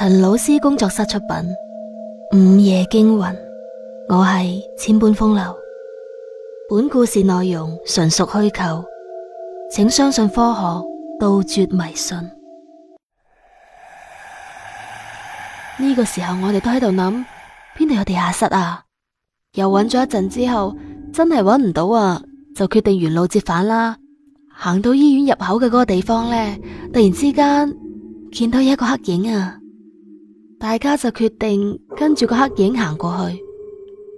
陳老師工作室出品《午夜驚魂》，我係千般風流。本故事內容純屬虛構，請相信科學，杜絕迷信。呢個時候我哋都喺度諗，邊度有地下室啊？又揾咗一陣之後，真係揾唔到啊，就決定原路折返啦。行到醫院入口嘅嗰個地方呢，突然之間見到一個黑影啊！大家就決定跟住個黑影行過去，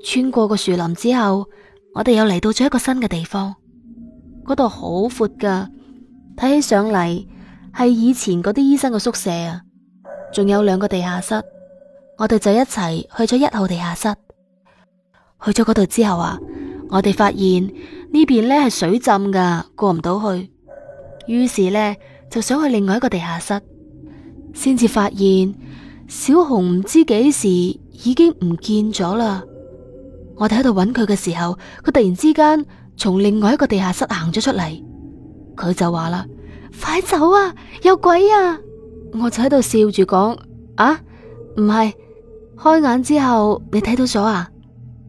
穿過個樹林之後，我哋又嚟到咗一個新嘅地方。嗰度好闊噶睇起上嚟係以前嗰啲醫生嘅宿舍啊，仲有兩個地下室。我哋就一齊去咗一號地下室。去咗嗰度之後啊，我哋發現呢邊呢係水浸噶，過唔到去，於是呢，就想去另外一個地下室，先至發現。小紅唔知幾時已經唔見咗啦，我哋喺度揾佢嘅時候，佢突然之間從另外一個地下室行咗出嚟，佢就話啦：快走啊，有鬼啊！我就喺度笑住講：啊？唔係，開眼之後你睇到咗啊？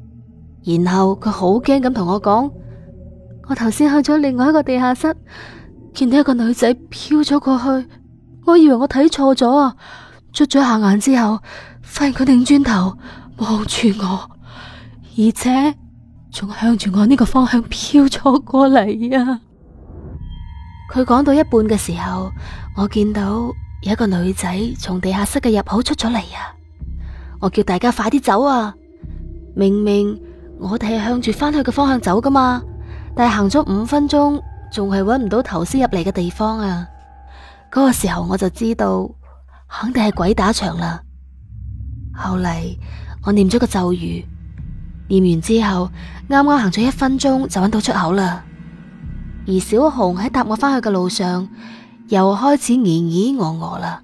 然後佢好驚咁同我講： 我頭先去咗另外一個地下室，見到一個女仔飄咗過去，我以為我睇錯咗啊！出咗下眼之後，發現佢擰轉頭望住我，而且仲向住我呢個方向飄咗過嚟啊！佢講到一半嘅時候，我見到有一個女仔從地下室嘅入口出咗嚟啊！我叫大家快啲走啊！明明我哋係向住翻去嘅方向走噶嘛，但係行咗五分鐘，仲係搵唔到頭先入嚟嘅地方啊！嗰個時候我就知道。肯定係鬼打牆啦！後嚟我念咗個咒語，念完之後，啱啱行咗一分鐘就揾到出口啦。而小紅喺搭我返去嘅路上，又開始疑咦我我啦。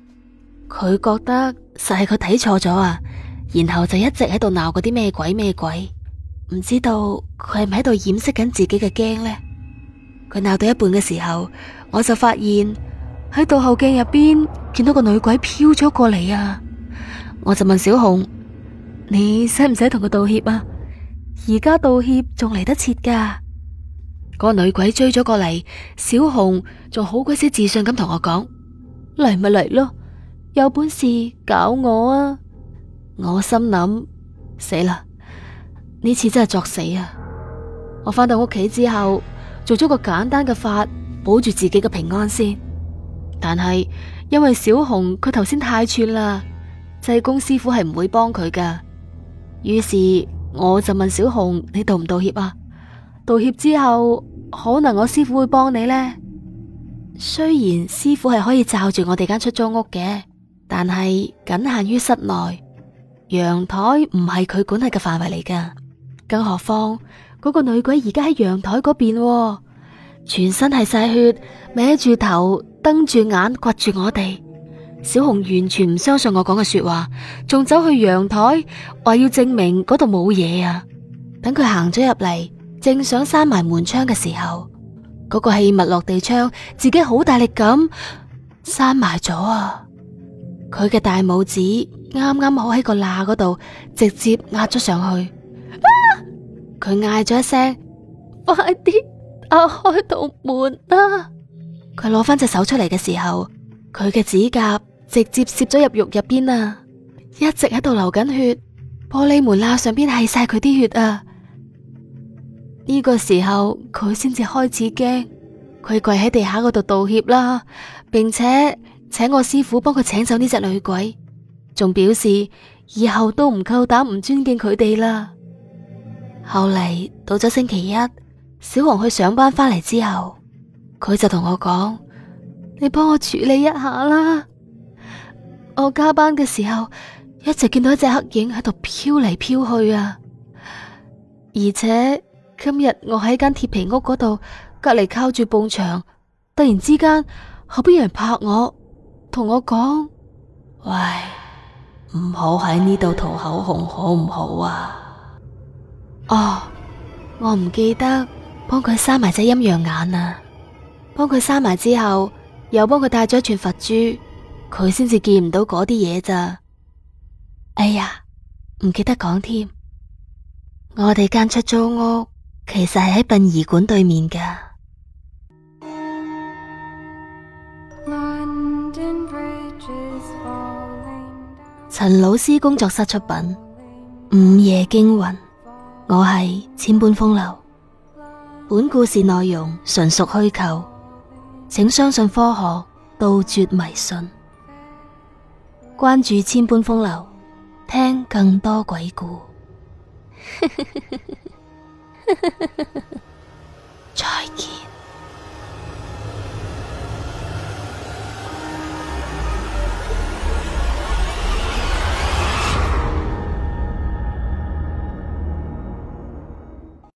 佢覺得實係佢睇錯咗啊，然後就一直喺度鬧嗰啲咩鬼咩鬼，唔知道佢係咪喺度掩飾緊自己嘅驚呢。佢鬧到一半嘅時候，我就發現。喺倒後鏡入邊見到個女鬼飄咗過嚟啊！我就問小紅：你使唔使同佢道歉啊？而家道歉仲嚟得切噶？嗰個女鬼追咗過嚟，小紅仲好鬼死自信咁同我講：嚟咪嚟咯，有本事搞我啊！我心諗死啦，呢次真係作死啊！我翻到屋企之後，做咗個簡單嘅法，保住自己嘅平安先。但係因為小紅佢頭先太串啦，濟公師傅係唔會幫佢噶。於是我就問小紅：你道唔道歉啊？道歉之後，可能我師傅會幫你呢？雖然師傅係可以罩住我哋間出租屋嘅，但係僅限於室內，陽台唔係佢管轄嘅範圍嚟噶。更何況嗰個女鬼而家喺陽台嗰邊喎，全身係晒血，歪住頭，瞪住眼，掘住我哋，小紅完全唔相信我講嘅說話，仲走去陽台，話要證明嗰度冇嘢啊！等佢行咗入嚟，正想閂埋門窗嘅時候，嗰、那個器物落地窗自己好大力咁閂埋咗啊！佢嘅大拇指啱啱好喺個罅嗰度，直接壓咗上去，啊！佢嗌咗一聲，快啲打開道門啊！佢攞翻隻手出嚟嘅時候，佢嘅指甲直接攝咗入肉入邊啊！一直喺度流緊血，玻璃門啦上邊係晒佢啲血啊！呢個時候佢先至開始驚，佢跪喺地下嗰度道歉啦，並且請我師傅幫佢請走呢隻女鬼，仲表示以後都唔夠膽唔尊敬佢哋啦。後嚟到咗星期一，小王去上班翻嚟之後。佢就同我講：，你幫我處理一下啦。我加班嘅時候一直見到一隻黑影喺度飄嚟飄去啊。而且今日我喺間鐵皮屋嗰度，隔籬靠住埲牆，突然之間後邊有人拍我，同我講：，喂，唔好喺呢度塗口紅，好唔好啊？哦，我唔記得幫佢閂埋隻陰陽眼啊。幫佢閂埋之後，又幫佢戴咗一串佛珠，佢先至見唔到嗰啲嘢咋。哎呀，唔記得講添。我哋間出租屋其實係喺殯儀館對面噶。陳老師工作室出品《午夜驚魂》，我係千般風流。本故事內容純屬虛構。請相信科學，杜絕迷信。關注千般風流，聽更多鬼故。 再見。